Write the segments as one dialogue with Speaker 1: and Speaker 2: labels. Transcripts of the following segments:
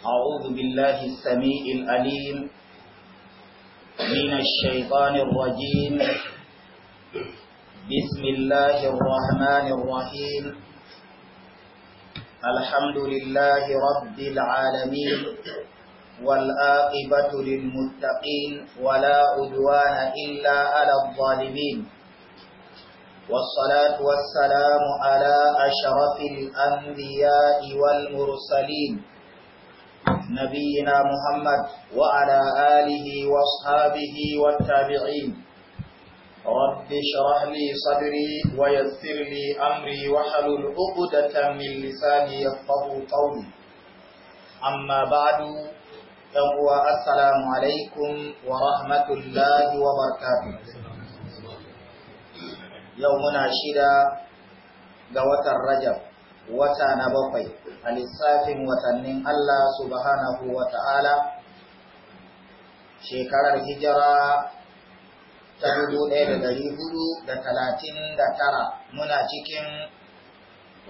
Speaker 1: أعوذ بالله السميع الأليم من الشيطان الرجيم بسم الله الرحمن الرحيم الحمد لله رب العالمين والآقبة للمتقين ولا عدوان إلا على الظالمين والصلاة والسلام على أشرف الأنبياء والمرسلين نبينا محمد وعلى آله واصحابه والتابعين رب اشرح لي صدري ويسر لي أمري وحلل عقدة من لساني يفقه قولي أما بعد فهو السلام عليكم ورحمة الله وبركاته يومنا شدا ga watan Rajab wata na bakwai a lissafin watannin Allah subhanahu wa ta'ala shekarar hijira ta dubu ɗaya da dari hudu da talatin da tara muna cikin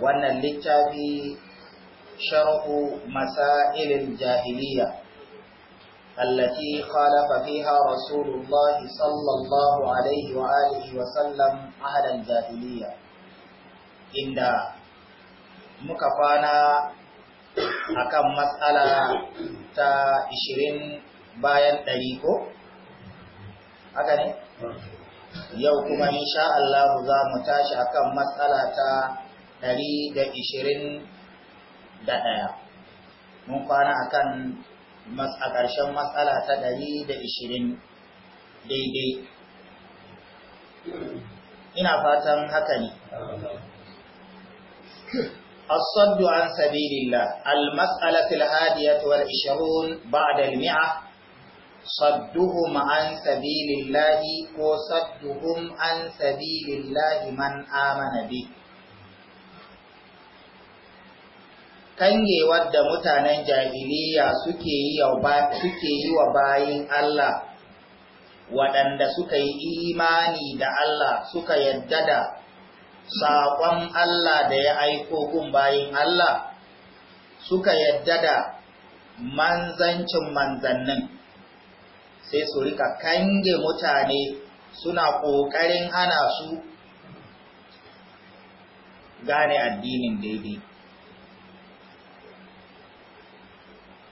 Speaker 1: wannan littafi sharhu masailin jahiliya التي خالف fiha, رسول sallallahu alaihi الله عليه wa sallam أهل jahiliya. inda muka kwana akan matsala ta 20 bayan ɗari ko? Haka ne? Yau kuma insha Allah za mu tashi akan matsala ta 121. Mun kwana akan a ƙarshen matsala ta 120 daidai. Ina fatan haka ne. الصد عن سبيل الله المسألة الهادية والعشرون بعد المئة صدهم عن سبيل الله وصدهم عن سبيل الله من آمن به kangewar da mutanen jahiliya suke yi wa bayin Allah waɗanda suka yi imani da Allah suka yadda da saƙon Allah da ya aiko kun bayin Allah suka yadda da manzancin manzannin sai su rika kange mutane suna ƙoƙarin hana su gane addinin daidai.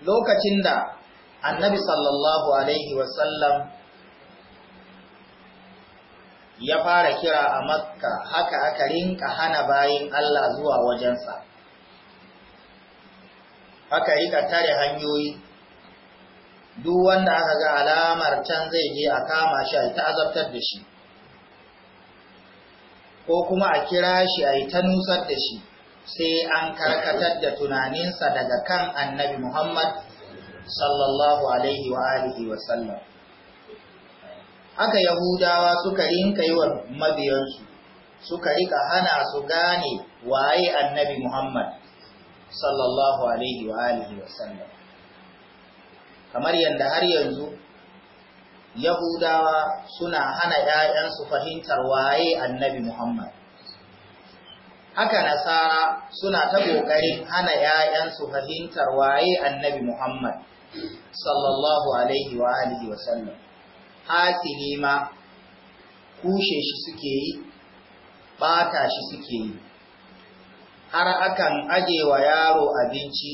Speaker 1: Lokacin da annabi sallallahu Alaihi wasallam ya fara kira a makka haka aka rinka hana bayin Allah zuwa wajensa aka rika tare hanyoyi duk wanda aka ga alamar can zai je a kama shi a ta azabtar da shi ko kuma a kira shi a ta nusar da shi sai an karkatar da tunaninsa daga kan annabi Muhammad sallallahu alaihi wa alihi wa haka yahudawa suka rinka yi wa mabiyansu suka rika hana su gane waye annabi muhammad sallallahu alaihi wa alihi wa kamar yadda har yanzu yahudawa suna hana ‘ya'yansu fahimtar waye annabi muhammad haka nasara suna ta ƙoƙarin hana ‘ya'yansu fahimtar waye annabi muhammad sallallahu alaihi wa alihi wa hasini ma kushe shi suke yi ɓata shi suke yi har akan ajewa yaro abinci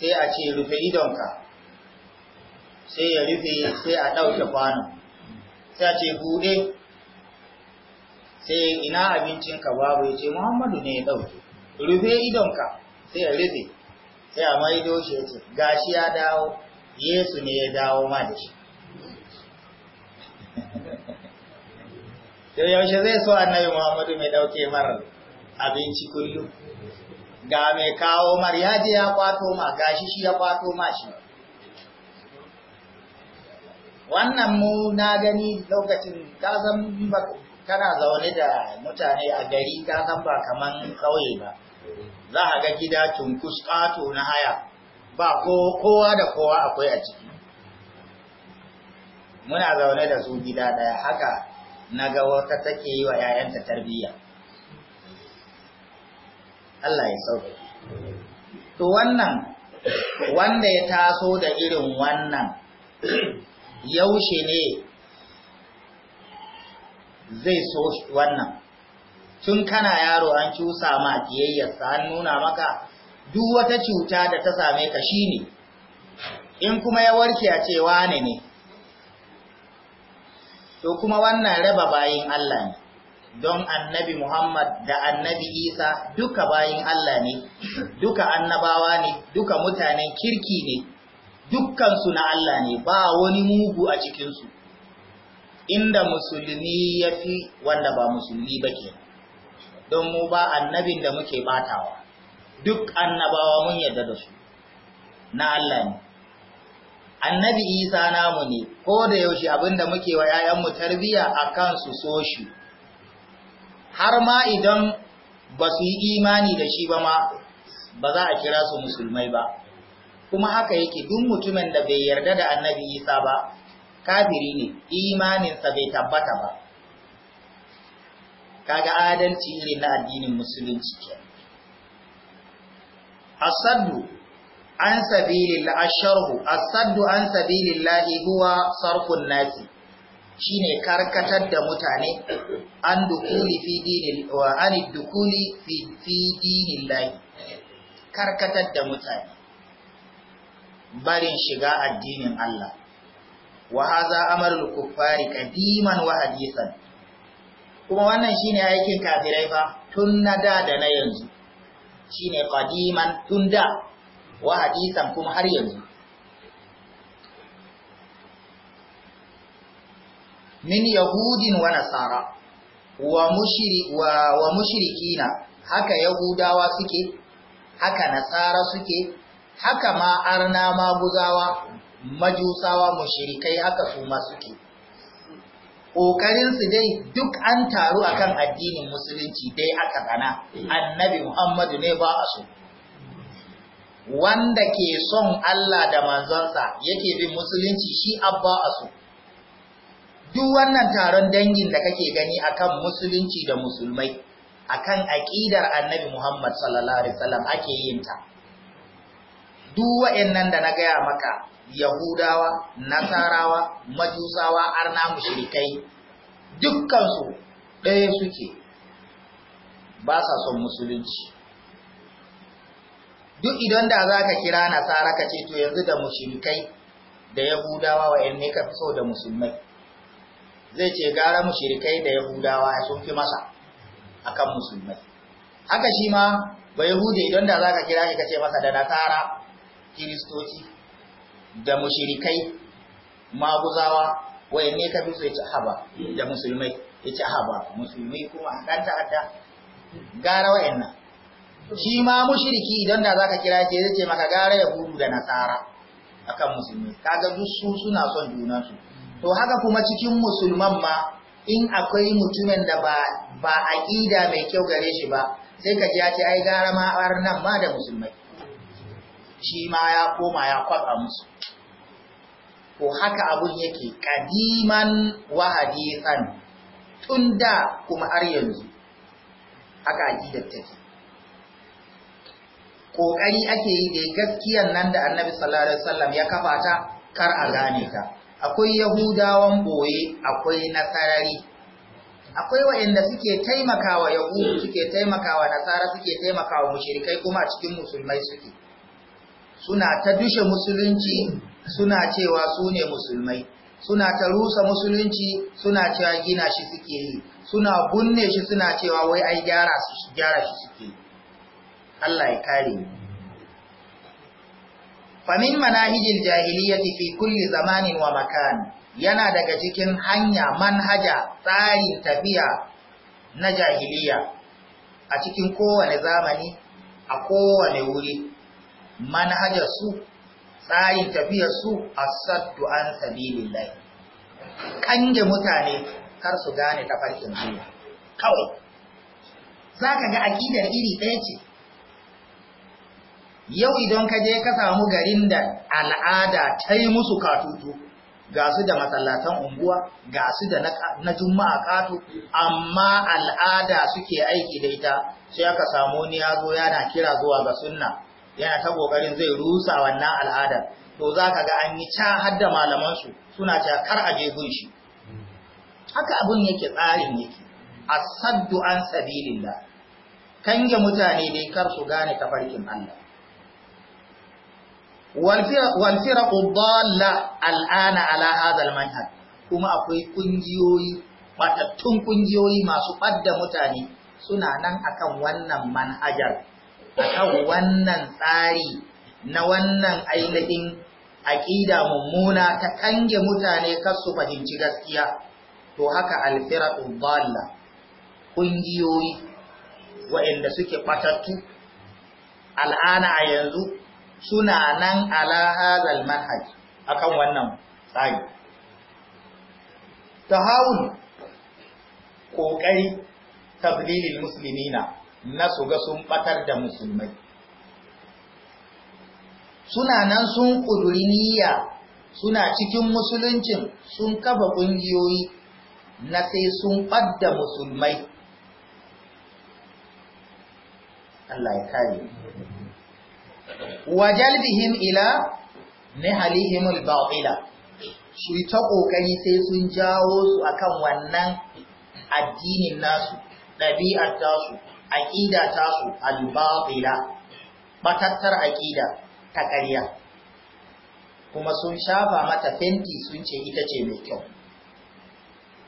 Speaker 1: sai a ce rufe idonka sai ya rufe sai a ɗauke kwano sai a ce bude, sai ina ka babu ya ce muhammadu ne ya ɗauke rufe idonka sai ya rufe sai a maido shi ya ce gashi ya dawo yesu ne ya dawo ma da shi Da yaushe zai so annabi Muhammadu mai ɗauke mara abinci kullum ga mai kawo mar ya je ya kwato ma gashi shi ya kwato ma shi wannan mu na gani lokacin kasan kana zaune da mutane a gari kasan ba kaman kauye ba za a ga gida tunkus kato na haya ba kowa da kowa akwai a ciki muna zaune da su gida daya haka na ga wata take yi wa ‘ya'yanta tarbiyya. Allah ya sauke. To wannan, wanda ya taso da irin wannan, yaushe ne zai so wannan. Tun kana yaro an cusa ma kiyayyarsa an nuna maka duk wata cuta da ta same ka shi ne, in kuma ya warke a cewa ne ne. to kuma wannan raba bayin Allah ne don annabi Muhammad da annabi Isa duka bayin Allah ne duka annabawa ne duka mutanen kirki ne dukkansu na Allah ne ba wani mugu a cikinsu inda musulmi ya fi wanda ba musulmi ba ke don mu ba annabin da muke batawa duk annabawa mun yarda da su na Allah ne annabi isa namu ne ko da yaushe abinda muke wa 'ya'yanmu tarbiya a su so shi har ma idan ba su yi imani da shi ba ma ba za a kira su musulmai ba kuma haka yake duk mutumin da bai yarda da annabi isa ba kafiri ne imaninsa bai tabbata ba kaga adalci irin na addinin musulunci ke asaddu an sabilillah asharhu asaddu an sabilillahi huwa sarfun nasi shine karkatar da mutane an dukuli fi wa an dukuli fi fi karkatar da mutane barin shiga addinin Allah wa hadha amarul kuffari kadiman wa hadisan kuma wannan shine aikin kafirai fa tun na da da na yanzu shine kadiman tun da wa hadisan kuma har yanzu min yahudin wa nasara wa mushiri mushrikina haka yahudawa suke haka nasara suke haka ma arna maguzawa majusawa mushrikai haka su ma suke ƙoƙarinsu dai duk an taru akan addinin musulunci dai aka gana annabi muhammadu ne ba a so wanda ke son Allah da manzonsa yake bin musulunci shi abba a su. Duk wannan taron dangin da kake gani akan musulunci da musulmai, akan aƙidar annabi Muhammad sallallahu Alaihi wasallam ake yin ta. Duk wa'yannan da na gaya maka, Yahudawa, Nasarawa, Majusawa, arna mushrikai, dukkansu ɗaya suke, ba sa son musulunci. duk idan da za ka kira nasara ka ce to yanzu da musulmai da yahudawa wa ne ka fi so da musulmai zai ce gara musulmai da yahudawa sun fi masa akan musulmai haka shi ma ba yahudi idan da za ka kira shi ka ce masa da nasara kiristoci da mushrikai maguzawa wa ne ka fi so ya ci haba da musulmai ya ci haba musulmai kuma a ɗan ta'adda gara nan. shi ma mushriki idan da zaka kira shi zai ce maka gara ya hudu da nasara akan musulmi kaga duk su suna son junan su to haka kuma cikin musulman ma in akwai mutumin da ba ba aqida mai kyau gare shi ba sai ka ji ya ce ai gara ma arnan ma da musulmai shi ma ya koma ya kwasa musu ko haka abun yake kadiman wa tunda kuma har yanzu haka aqidar take ƙoƙari ake yi da gaskiyan nan da annabi sallallahu alaihi wasallam ya kafa ta kar a gane ta akwai yahudawan boye akwai nasarari akwai waɗanda suke taimakawa yahudu suke taimakawa nasara suke taimakawa mushrikai kuma a cikin musulmai suke suna ta dushe musulunci suna cewa su ne musulmai suna ta rusa musulunci suna cewa gina shi suke yi suna bunne shi suna cewa wai ai gyara shi gyara shi suke yi Allah ya kare mu famin manahijil jahiliyyati fi kulli zamanin wa makan yana daga cikin hanya manhaja tsarin tafiya na jahiliya a cikin kowane zamani a kowane wuri manhaja su tsarin tafiya su asaddu an sabilillahi kange mutane kar su gane tafarkin Allah kawai zaka ga aƙidar iri ɗaya ce yau idan ka je ka samu garin da al'ada ta yi musu katutu ga su da masallatan unguwa ga su da na juma'a katu amma al'ada suke aiki da ita sai aka samu ni ya zo yana kira zuwa ga sunna yana ta kokarin zai rusa wannan al'adar to za ka ga an yi ca har da malamansu suna ca kar a je gunshi haka abun yake tsarin yake asaddu an sabilillah kange mutane dai kar su gane tafarkin Allah walfira ƙubbala al'ana ala manhaj kuma akwai ƙungiyoyi ɓatattun ƙungiyoyi masu ɓadda mutane suna nan akan wannan manhajar akan wannan tsari na wannan ainihin aƙida mummuna ta kange mutane kar su fahimci gaskiya to haka alfira ƙubbala ƙungiyoyi waɗanda suke ɓatattu al'ana a yanzu suna nan ala hazal manhaj akan wannan tsari tahawun kokari tablilil muslimina na su ga sun batar da musulmai suna nan sun kuduri suna cikin musuluncin sun kafa ƙungiyoyi, na sai sun ɓadda musulmai
Speaker 2: Allah ya kare
Speaker 1: wajalbihim ila nihalihimul batila ba'ila shi ta kokari sai sun jawo su akan wannan addinin nasu ɗabi'ar tasu aqida tasu al baila matattar aqida ta ƙarya kuma sun shafa mata fenti sun ce ita ce mai kyau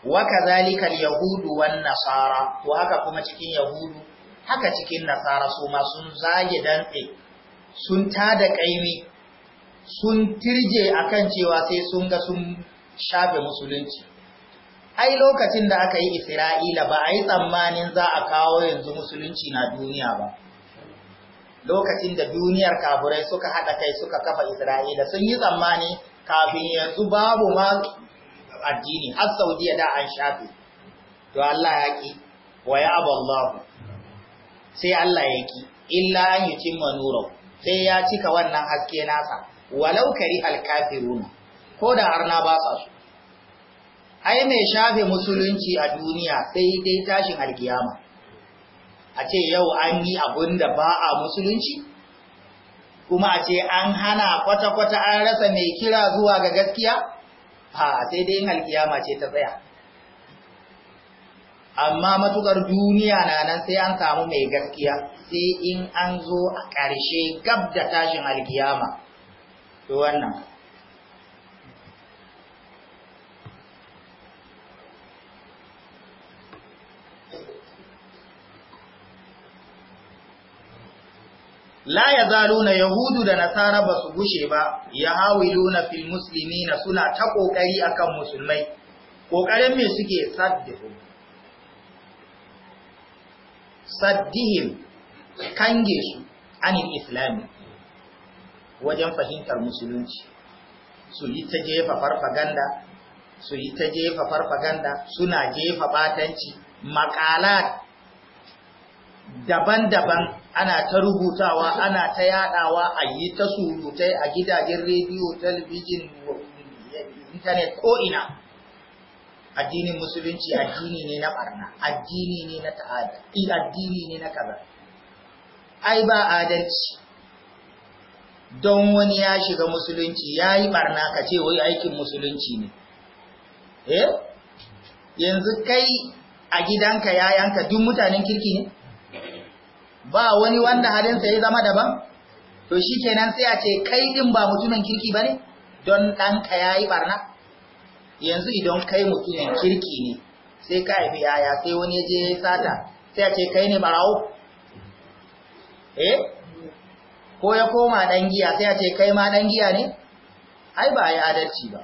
Speaker 1: wa kadhalika yahudu wan nasara to haka kuma cikin yahudu haka cikin nasara su ma sun zage dantse sun tada ƙaimi sun tirje kan cewa sai sun ga sun shafe musulunci ai lokacin da aka yi isra'ila ba a yi tsammanin za a kawo yanzu musulunci na duniya ba lokacin da duniyar kaburai suka haɗa kai suka kafa isra'ila sun yi tsammani kafin yanzu babu ma addini har saudiya da an shafe to allah ya ƙi wa ya abu sai allah ya ƙi illa an yi cimma nurau sai ya cika wannan haske nasa walau kari alkafiruna ko da arna ba sa su ai mai shafe musulunci a duniya sai dai tashin alkiyama a ce yau an yi abun da ba a musulunci kuma a ce an hana kwata-kwata an rasa mai kira zuwa ga gaskiya a sai dai alkiyama ce ta tsaya amma matukar duniya na nan sai an samu mai gaskiya sai in an zo a ƙarshe gab da tashin alkiyama to wannan
Speaker 2: La ya zaluna Yahudu
Speaker 1: da Nasara ba su gushe ba, ya hawiluna fil musulmi na suna ta ƙoƙari akan musulmai, ƙoƙarin me suke saddihu saddihim kange su anil islami wajen fahimtar musulunci su yi ta jefa farfaganda su yi ta jefa farfaganda suna jefa batanci makalat daban-daban ana ta rubutawa ana ta yadawa a yi ta surutai a gidajen rediyo talabijin intanet ina. addinin musulunci addini ne na barna addini ne na ta'ada addini ne na kaza ai ba adalci don wani ya shiga musulunci yayi barna ka ce wai aikin musulunci ne eh yanzu kai a gidanka yayanka duk mutanen kirki ne ba wani wanda sa ya zama daban to shikenan sai a ce kai din ba mutumin kirki bane don ɗanka ya yi barna yanzu idan kai mutumin kirki ne sai ka haifi yaya sai wani ya je ya sata sai a ce kai ne barawo eh ko ya koma dan giya sai a ce kai ma dan giya ne ai ba ya adalci ba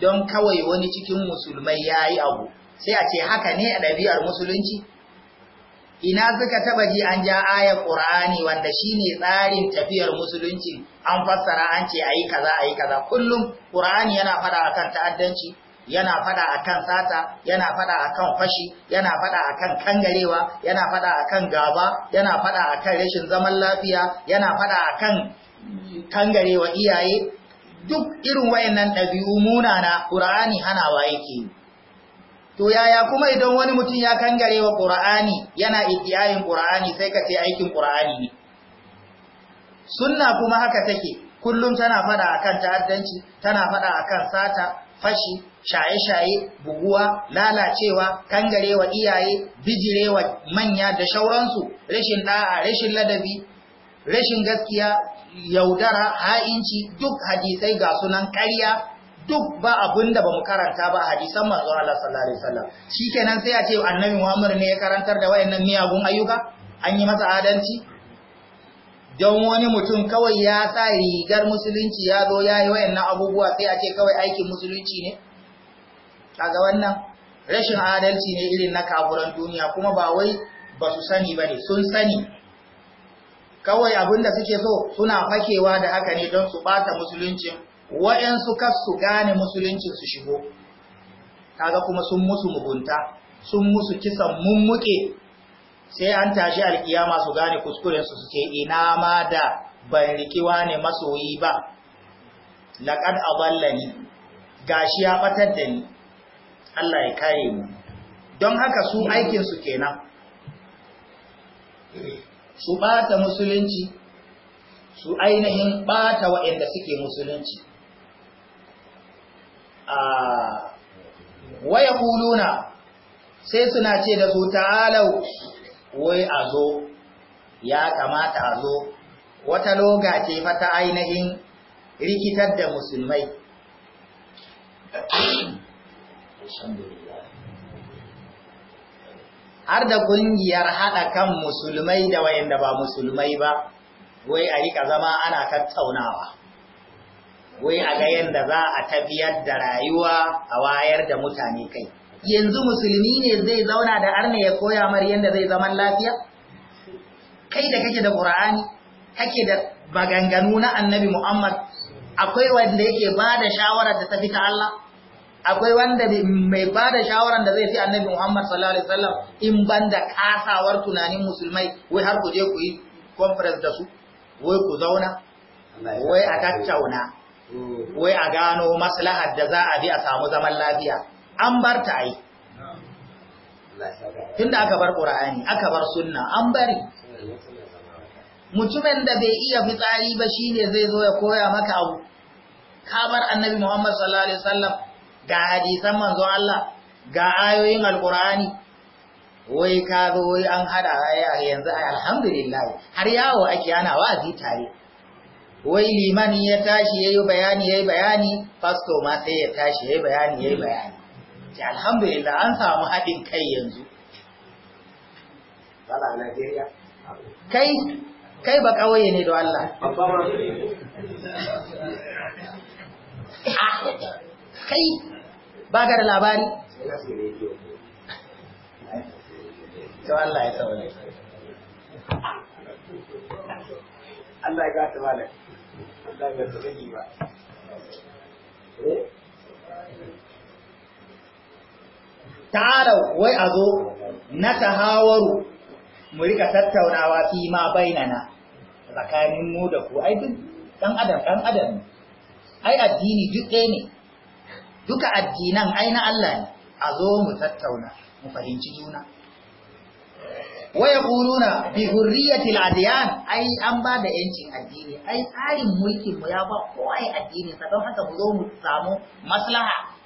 Speaker 1: don kawai wani cikin musulmai yayi abu sai a ce haka ne a ɗabi'ar musulunci ina suka taba ji an ja ayar Qur'ani wanda shine tsarin tafiyar musulunci an fassara an ce ayi kaza ayi kaza kullum Qur'ani yana fada akan ta'addanci yana fada akan sata yana fada akan fashi yana fada akan kangarewa yana fada akan gaba yana fada akan rashin zaman lafiya yana fada akan kangarewa iyaye duk irin wayannan dabi'u munana Qur'ani hanawa yake yi. to yaya kuma idan wani mutum ya kangare wa ƙura'ani yana ikiyayin ƙura'ani sai ka ce aikin ƙura'ani ne sunna kuma haka take kullum tana fada akan ta'addanci tana fada akan sata fashi shaye-shaye buguwa lalacewa kangarewa iyaye bijirewa manya da shauransu rashin ɗa'a, rashin ladabi rashin gaskiya yaudara ha'inci duk hadisai ga sunan ƙarya duk ba abin da bamu karanta ba a hadisan manzo Allah sallallahu alaihi wasallam shikenan sai a ce annabi Muhammad ne ya karantar da wayannan miyagun ayyuka an yi masa adalci don wani mutum kawai ya sa rigar musulunci ya zo ya yi wayannan abubuwa sai a ce kawai aikin musulunci ne kaga wannan rashin adalci ne irin na kafuran duniya kuma ba wai ba su sani ba ne sun sani kawai abin da suke so suna fakewa da haka ne don su bata musuluncin waɗansu kas su gane musulunci su shigo kaga kuma sun musu mugunta sun musu kisan mummuke sai an tashi alkiyama su gane kuskurensu su ce ina ma da ban rikiwa ne masoyi ba laƙad aballani gashi ya batar da ni Allah ya kare mu don haka su aikinsu kenan su ɓata musulunci su ainihin ɓata waɗanda suke musulunci waya kuluna sai suna ce da su ta'alau wai a zo ya kamata a zo wata loga ce fata ainihin rikitar da musulmai har da kungiyar haɗa kan musulmai da wayanda ba musulmai ba wai a rika zama ana tattaunawa wai a ga yadda za a tafiyar da rayuwa a wayar da mutane kai yanzu musulmi ne zai zauna da arna ya koya mar yadda zai zaman lafiya kai da kake da qur'ani kake da maganganu na annabi muhammad akwai wanda yake ba da shawarar da ta fi ta Allah akwai wanda mai ba da shawarar da zai fi annabi Muhammad sallallahu alaihi wasallam in banda kasawar tunanin musulmai wai har ku je ku yi conference da su wai ku zauna wai a tattauna wai a gano maslahar da za a bi a samu zaman lafiya an bar ta ai
Speaker 2: tunda aka bar qur'ani aka bar sunna an bari
Speaker 1: mutumin da bai iya fitsari ba shine zai zo ya koya maka abu Ka bar annabi Muhammad sallallahu alaihi wasallam ga hadisan manzo Allah ga ayoyin alqur'ani wai ka zo wai an hada aya yanzu alhamdulillah har yawo ake ana wazi tare wai liman ya tashi yayi bayani yayi bayani Fasto ma sai ya tashi yayi bayani yayi bayani ce alhamdulillah an samu haɗin kai yanzu kai kai ba kawai ne da Allah kai ba ga da labari to Allah
Speaker 2: ya Allah ya gata malaka
Speaker 1: ta'alau wai a zo na tahawaru mu rika tattaunawa fi ma bainana tsakanin mu da ku ai duk dan adam dan adam ai addini duk ɗaya ne duka addinan ai na Allah ne a zo mu tattauna mu fahimci juna waya kuruna bi hurriyatil adiyan ai an ba da yancin addini ai tsarin mulkin mu ya ba kowa addini sa don haka mu zo mu samu maslaha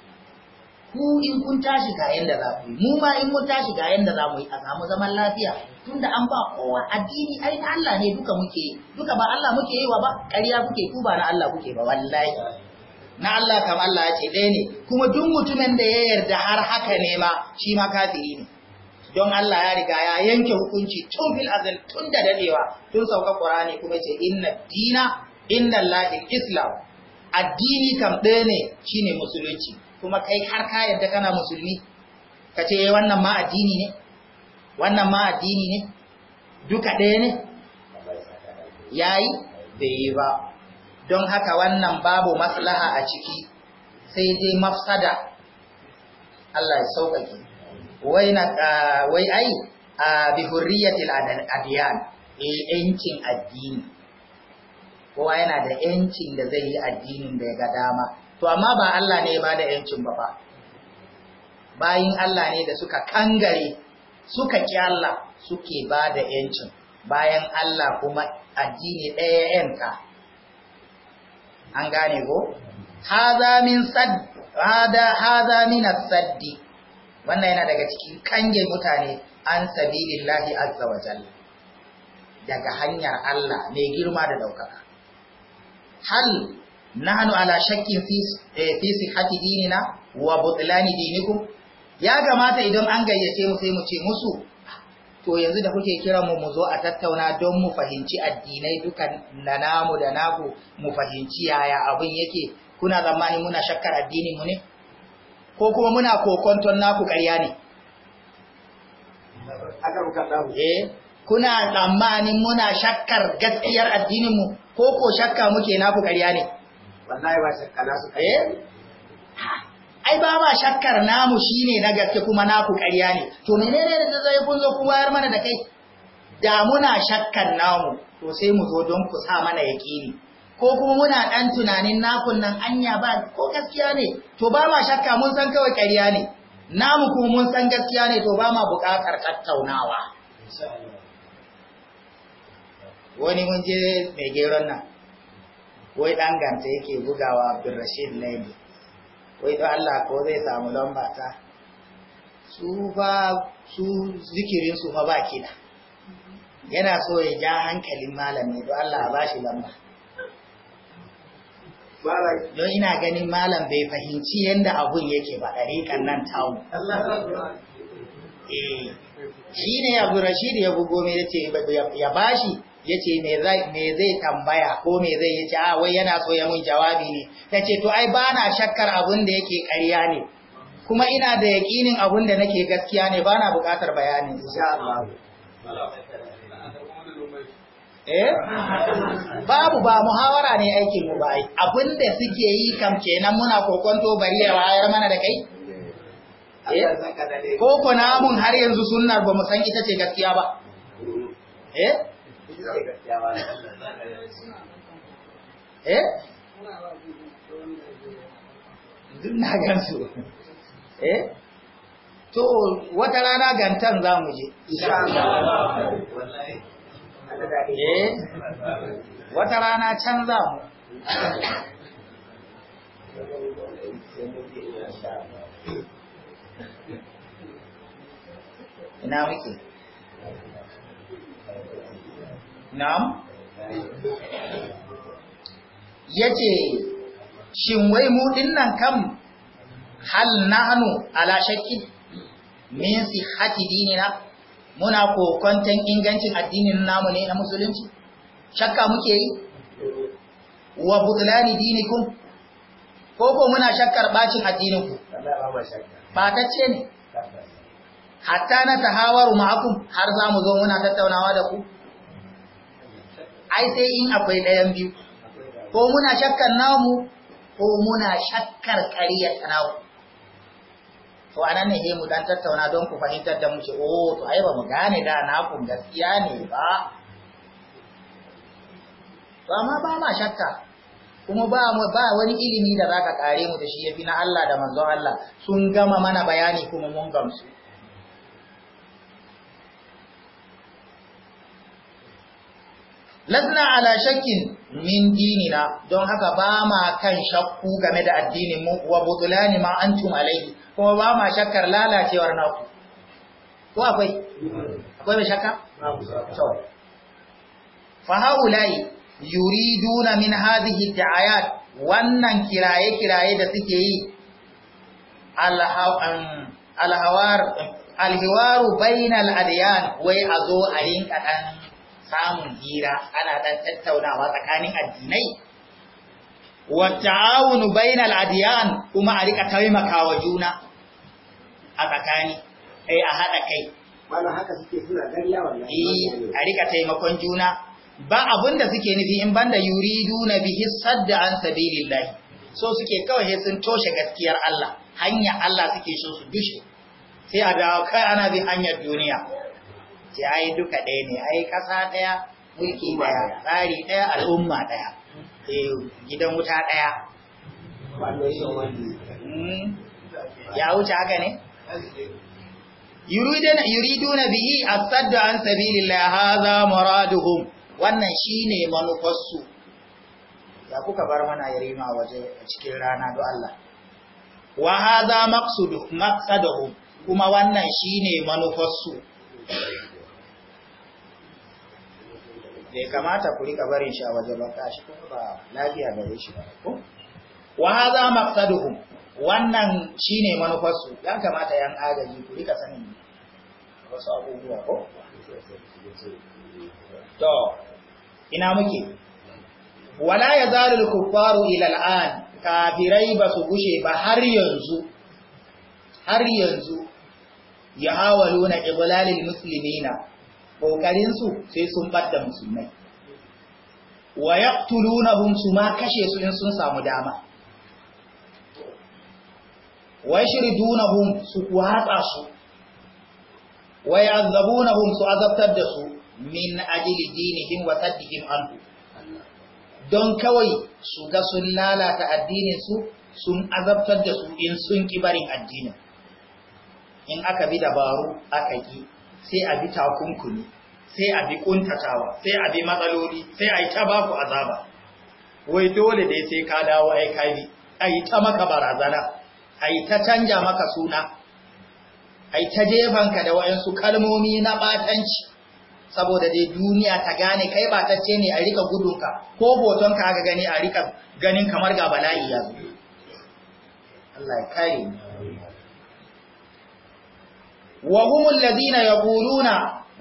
Speaker 1: ku in kun tashi ga yanda za ku yi mu ma in mun tashi ga yanda za mu yi a samu zaman lafiya tunda an ba kowa addini ai Allah ne duka muke duka ba Allah muke yi wa ba ƙarya kuke ku ba na Allah kuke ba wallahi na Allah kam Allah ya ce ɗaya ne kuma duk mutumin da ya yarda har haka ne ma shi ma kafiri ne don Allah ya riga ya yanke hukunci tun fil azal tun da dadewa tun sauka Qur'ani kuma ce inna dina inna lillahi islam addini kam ɗaya ne shine musulunci kuma kai har ka yadda kana musulmi ka ce eh, wannan ma addini ne wannan ma addini ne duka ɗaya ne yayi bai yi ba don haka wannan babu maslaha a ciki sai dai mafsada Allah ya sauƙaƙe wai na ah, wai ai a ah, bi adiyan e, yancin addini kowa yana da yancin da zai yi addinin da ya ga dama to amma ba Allah ne ba da yancin ba ba bayin Allah ne da suka kangare suka ki Allah suke ba da yancin bayan Allah kuma addini ɗaya yanka an gane ko haza haza min saddi wannan yana daga cikin kange mutane an sabilillahi azza wa jalla daga hanyar Allah mai girma da daukaka hal nahnu ala shakkin fi eh, sihhati dinina wa butlani dinikum ya gamata idan an gayyace mu sai mu ce musu to yanzu da kuke kiran mu mu zo a tattauna don mu fahimci addinai dukan na namu da naku mu fahimci yaya abin yake kuna zamani muna shakkar addinin mu ne ko kuma muna kokonton naku ƙarya ne eh, kuna tsammanin muna shakkar gaskiyar addininmu ko ko shakka muke naku ƙarya ne wallahi ba shakka nasu eh ai ba ba shakkar namu shine na gaske kuma naku ƙarya ne to menene da zai kun zo kuma yar mana da kai da muna shakkar namu to sai mu zo don ku sa mana yaƙini ko kuma muna ɗan tunanin nakun nan anya ba ko gaskiya ne to ba ma shakka mun san kawai ƙarya ne namu kuma mun san gaskiya ne to ba ma buƙatar tattaunawa wani mun je mai geron nan wai ɗan ganta yake bugawa abdulrashid laili wai don allah ko zai samu lambata su ba su zikirin su fa ba kiɗa yana so ya ja hankalin malami don allah ba shi lamba don ina ganin malam bai fahimci yadda abun yake ba rikan nan tawo eh, shi ne abu rashid ya bugo mai ya ce ya bashi ya ce me zai tambaya ko me zai yi ce a ah, wai yana so ya mun jawabi ne ta ce to ai ba na shakkar abun da yake karya ne kuma ina da yaƙinin abun da nake gaskiya ne ba na buƙatar bayanin Eh? Babu ba muhawara ne aiki mu bai. Abin da suke yi kam kenan muna kokonto bari ya wayar mana da kai.
Speaker 2: Eh? Ko ko namun har
Speaker 1: yanzu sunnar ba mu san ita ce gaskiya ba. Eh?
Speaker 2: Eh? gansu.
Speaker 1: Eh? To wata rana gantan za mu je. Insha Allah.
Speaker 2: Wallahi. eh wata
Speaker 1: rana can za mu ina muke Ya ce shin wai mu nan kam hal na hannu ala shakki min dini na? muna kokonton ingancin addinin namu ne na musulunci shakka muke yi wa butlani dinikum ko ko muna shakkar bacin addinin ku ba ta ce ne hatta na tahawaru ma'akum har za mu zo muna tattaunawa da ku ai sai in akwai ɗayan biyu ko muna shakkar namu ko muna shakkar ƙariyar naku to anan ne mu dan tattauna don ku fahimtar da mu ce, oh to ai ba mu gane da na ku gaskiya ne ba to amma ba ma shakka kuma ba mu ba wani ilimi da zaka kare mu da shi yafi na Allah da manzon Allah sun gama mana bayani kuma mun gamsu lasna ala shakkin min dinina don haka ba ma kan shakku game da addininmu, wa butulani ma antum alaihi kuma ba ma shakkar lalacewar naku ko akwai akwai mai shakka to fa haulai yuriduna min hadhihi da'ayat wannan kiraye kiraye da suke yi um, alhawar alhiwaru bainal adyan wai azo a rinka dan samun hira ana dan tattaunawa tsakanin addinai wa ta'awunu bainal adiyan kuma a rika taimakawa juna a tsakani eh a hada kai wannan haka suke suna gariya wallahi eh a rika taimakon juna ba abinda suke nufi in banda na bihi sadda an sabilillah so suke kawai sun toshe gaskiyar Allah hanya Allah suke so su dushe sai a dawo kai ana bi hanyar duniya ce ai duka ɗaya ne ai ƙasa ɗaya mulki ɗaya tsari ɗaya al'umma ɗaya eh, gidan wuta ɗaya
Speaker 2: hmm. ya wuce haka
Speaker 1: ne yuriduna bihi as-saddu an sabilillah hadha muraduhum wannan shine manufarsu ya kuka bar mana yarima waje a cikin rana do Allah wa hadha maqsadu maqsaduhum kuma wannan shine manufarsu bai kamata ku rika barin shi a waje ba ka shi kuma ba lafiya gare shi ba ko wa hadha maqsaduhum wannan shine manufarsu ya kamata yan agaji ku rika sanin wasu abubuwa ko to ina muke wala yazalu al-kuffaru ila al-an kafirai ba su gushe ba har yanzu har yanzu ya na iblalil muslimina ƙoƙarinsu sai sun ɓadda musulmai wa yaqtulunahum su ma kashe su in sun samu dama wa yashridunahum su kwatsa su wa ya'zabunahum su azabtar da su min ajli dinihim wa saddihim anhu don kawai su ga sun lalata addinin su sun azabtar da su in sun ki barin addinin in aka bi dabaru aka yi. sai a bi takunkuni sai a bi kuntatawa sai a bi matsaloli sai a yi ta baku azaba wai dole dai sai ka dawo ai ka bi a yi ta maka barazana a yi ta canja maka suna a yi ta jefanka da wayansu kalmomi na batanci saboda dai duniya ta gane kai ba ta ce ne a rika gudunka ko ka aka gani a rika ganin kamar ga bala'i yanzu Allah ya kare ni wa الذين يقولون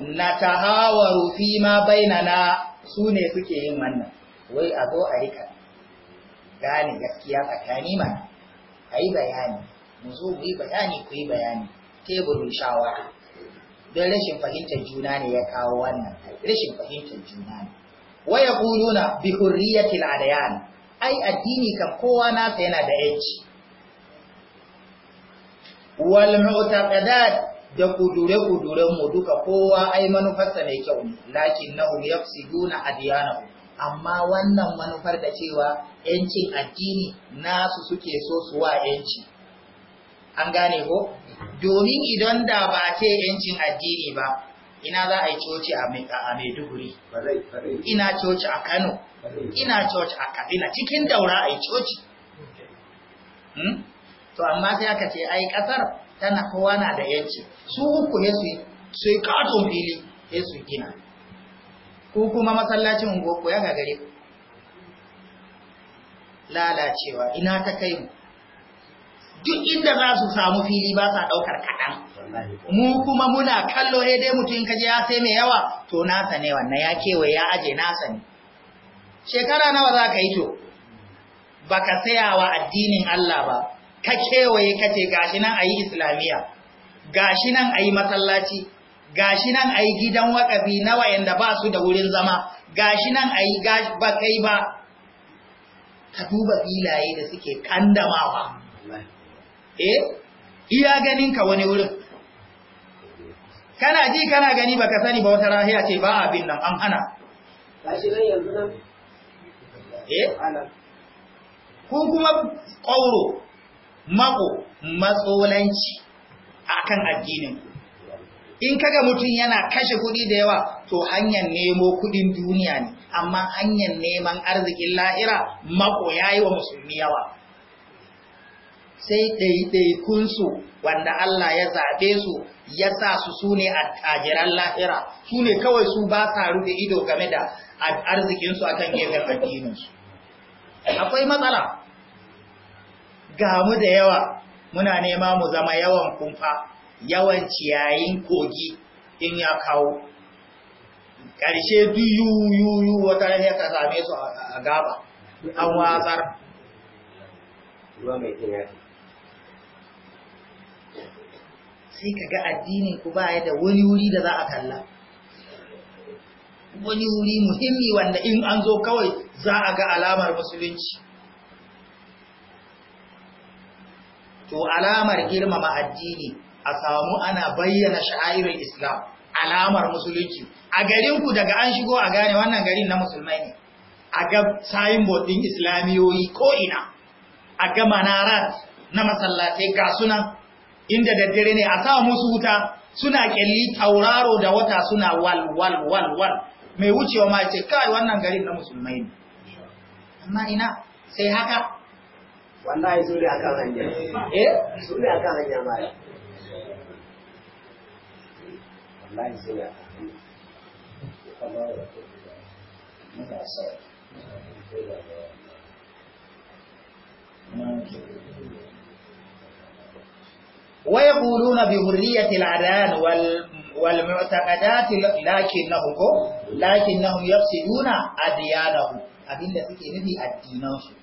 Speaker 1: نتهاور فيما بيننا ma bainana sune suke yin wannan wai a zo a rika gane gaskiya tsakani ma ayi bayani mu zo mu yi bayani ku yi bayani teburin shawara don rashin fahimtar juna ne ya kawo wannan rashin fahimtar juna ne waya kuluna bi hurriyatil adayan ai addini kan kowa nasa yana da yanci wal mu'taqadat da kudure-kuduren mu duka kowa ai manufarsa mai kyau ne, lakin na yafsiduna adiyana amma wannan manufar da cewa ‘yancin addini nasu suke so su wa ‘yanci. An gane ko? Domin idan da ba ce ‘yancin addini ba, ina za a yi coci a Maiduguri, ina coci a Kano, ina coci a Kaduna. cikin daura a yi coci. Hmm? To, amma sai aka ce, ai, ƙasar tana kowa na da yanci su uku ya su yi katon fili ya su gina ko kuma masallacin goko ya gagare lalacewa ina ta kai mu duk inda za su samu fili ba sa ɗaukar kaɗan mu kuma muna kallo he dai mutum kaje ya sai mai yawa to nasa ne wannan ya kewaye ya aje nasa ne shekara nawa za ka yi to baka sayawa addinin Allah ba ka kewaye ka ce gashi nan a yi islamiyya gashi nan a yi masallaci gashi nan a yi gidan wakafi na wayanda ba su da wurin zama gashi nan a yi ba kai ba ka duba filaye da suke kandamawa eh iya ganin ka wani wurin kana ji kana gani baka sani ba wata rahiya ce ba abin nan an hana
Speaker 2: gashi nan yanzu nan eh
Speaker 1: ko kuma ƙauro mako matsolanci akan addinin in kaga mutum yana kashe kuɗi da yawa to hanyar nemo kuɗin duniya ne amma hanyar neman arzikin lahira mako yayi wa musulmi yawa sai daidaikunsu wanda Allah ya zaɓe su ya sa su su ne attajiran lahira su ne kawai su ba sa rufe ido game da arzikinsu akan gefen addininsu akwai matsala gamu da yawa muna nema mu zama yawan kumfa yawan ciyayin kogi in ya kawo ƙarshe biyu wata ne ka same su a gaba an watsar sai ka ga addinin ku baya da wani wuri da za a kalla wani wuri muhimmi wanda in an zo kawai za a ga alamar musulunci to alamar girmama addini a samu ana bayyana sha'airar islam alamar musulunci a garinku daga an shigo a gane wannan garin na musulmai ne a ga signboard din islamiyoyi ko'ina, ina a ga manarat na masallatai ga suna inda daddare ne a sa musu wuta suna kyalli tauraro da wata suna wal wal wal wal mai wucewa ma ce kai wannan garin na musulmai ne amma ina sai haka wallahi su ne a kan hanya eh su ne a hanya ma
Speaker 2: wallahi su ne a kan hanya matasa
Speaker 1: ويقولون بحرية الأذان والمعتقدات لكنهم لكنهم يفسدون أديانهم أبين ذلك ينفي الدينانسو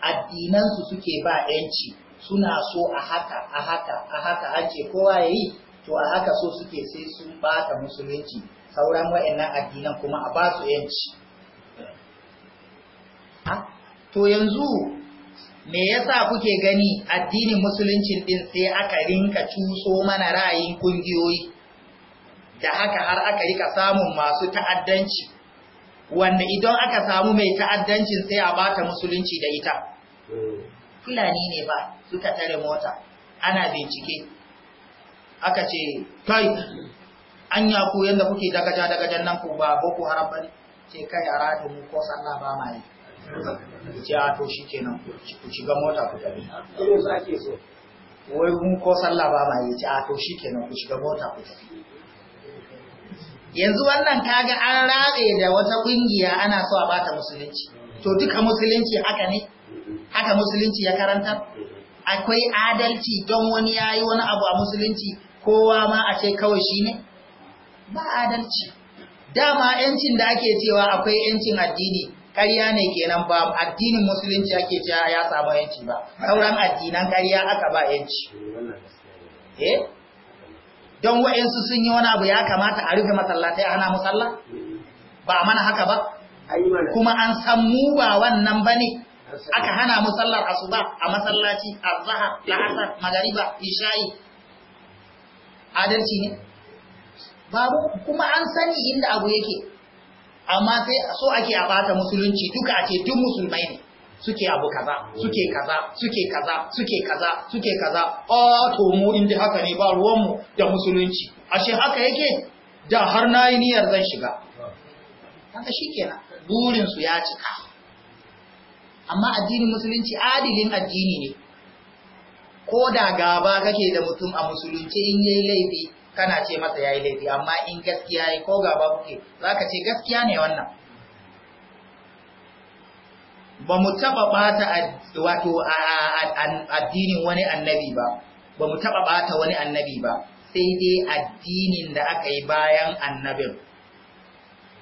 Speaker 1: addinansu suke ba ‘yanci suna so a haka, a haka, a haka an ce kowa ya yi, to a haka so suke sai sun bata musulunci, sauran wa'yannan addinan kuma a ba su ‘yanci. To yanzu me yasa kuke gani addinin musuluncin ɗin sai aka rinka cuso mana ra'ayin ƙungiyoyi? da haka har aka rika samun masu ta'addanci. wanda idan aka samu mai ta'addancin sai a bata musulunci da ita fulani ne ba suka tare mota ana bincike aka ce kai an ya ku yanda kuke dagaja dagajen nan ku ba boko haram bane ce kai a ratu mu ko sallah ba mai ce a to shi nan ku shiga mota ku tafi wai mu ko sallah ba mai ce a to shi nan ku shiga mota ku tafi yanzu wannan ka ga an ratse da wata ƙungiya ana so a bata musulunci to duka musulunci haka ne haka musulunci ya karanta akwai adalci don wani yayi wani abu a musulunci kowa ma a ce kawai shi ne? ba adalci dama yancin da ake cewa akwai yancin addini ƙarya ne kenan ba addinin musulunci ake cewa ya samu yanci ba sauran addinan ƙarya aka ba yanci eh don wa'insu sun yi wani abu ya kamata a rufe masallatai a hana musalla ba mana haka ba kuma an san mu ba wannan ba ne aka hana musallar asuba a masallaci azhar la'asar magariba isha'i adalci ne babu kuma an sani inda abu yake amma sai so ake a bata musulunci duka a ce duk musulmai ne suke abu kaza suke kaza suke kaza suke kaza suke kaza a to mu inda haka ne ba ruwanmu da musulunci ashe haka yake da har na yi niyyar zan shiga haka shi kenan burinsu ya cika amma addinin musulunci adilin addini ne ko da gaba kake da mutum a musulunci in yayi laifi kana ce masa yayi laifi amma in gaskiya yi ko gaba kuke zaka ce gaskiya ne wannan ba mu taba bata wato addinin wani annabi ba ba mu taba bata wani annabi ba sai dai addinin da aka yi bayan annabin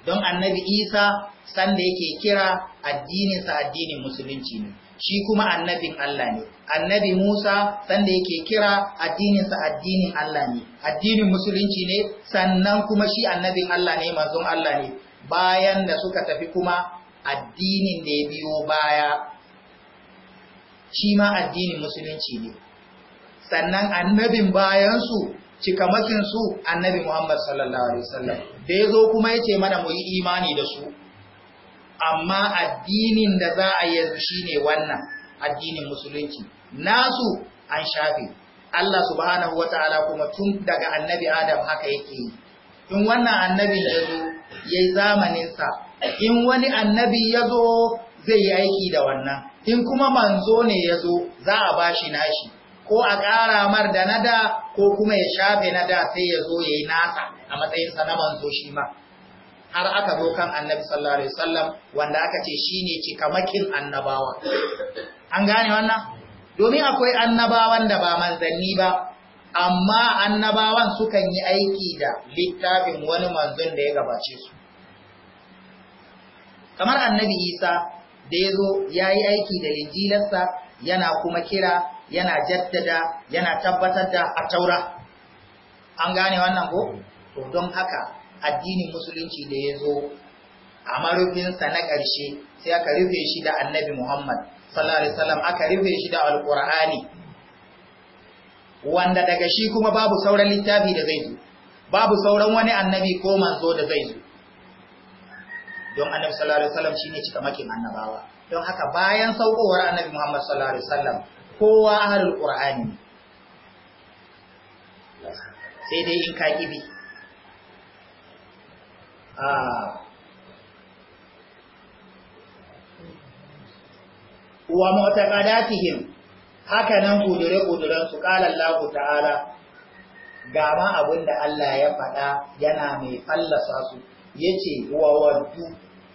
Speaker 1: don annabi isa sanda yake kira addininsa addinin musulunci ne shi kuma annabin Allah ne annabi Musa sanda yake kira addininsa addinin Allah ne addinin musulunci ne sannan kuma shi annabin Allah ne manzon Allah ne bayan da suka tafi kuma addinin da ya biyo baya shi ma addinin musulunci ne sannan annabin bayansu su annabi Muhammad sallallahu Alaihi wasallam da ya kuma ya ce mana mu yi imani da su amma addinin da za a yanzu shi ne wannan addinin musulunci nasu an shafe Allah subhanahu wa ta'ala kuma tun daga annabi Adam haka yake yi in wannan annabin ya zo ya yi zamaninsa in wani annabi ya zo zai yi aiki da wannan in kuma manzo ne ya zo za a ba shi nashi ko a ƙara mar da nada ko kuma ya shafe nada sai ya zo ya yi nasa a matsayinsa na manzo shi ma har aka zo kan annabi sallallahu alaihi wasallam wanda aka ce shine cikamakin annabawa an gane wannan domin akwai annabawan da ba manzanni ba amma annabawan sukan yi aiki da littafin wani manzon da ya gabace su kamar annabi isa da ya zo ya yi aiki da linjilarsa yana kuma kira yana jaddada yana tabbatar da a taura an gane wannan ko to don haka addinin musulunci da ya zo a marufinsa na ƙarshe sai aka rufe shi da annabi muhammad sallallahu alaihi wasallam aka rufe shi da alƙur'ani wanda daga shi kuma babu sauran littafi da zai zo babu sauran wani annabi ko manzo da zai zo don annabi sallallahu alaihi wasallam shine makin annabawa don haka bayan saukowar annabi Muhammad sallallahu alaihi wasallam kowa ahlul qur'ani sai dai in ka kibi ah. wa mu'taqadatihim haka nan kudure kuduran su qala Allah ta'ala gama abinda Allah ya faɗa yana mai fallasa su yace wawa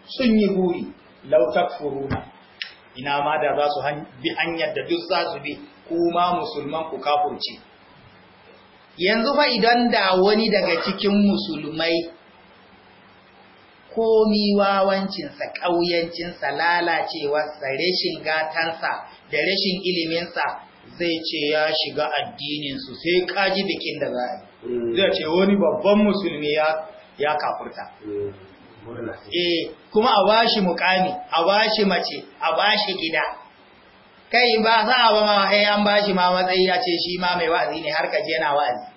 Speaker 2: sun yi buri
Speaker 1: lautak furuna. ina ma da za su bi hanyar da duk za su bi kuma musulman ku kafurce yanzu fa idan da wani daga cikin musulmai komi wawancinsa ƙauyancinsa lalacewarsa rashin gatansa da rashin iliminsa zai ce ya shiga addininsu sai kaji bikin da za a mm. zai ce wani babban musulmi ya ya kafurta eh, eh kuma a bashi mukami a bashi mace a bashi gida kai ba za a ba ma eh an bashi ma matsayi ya ce shi ma mai wa'azi ne har ka je yana wa'azi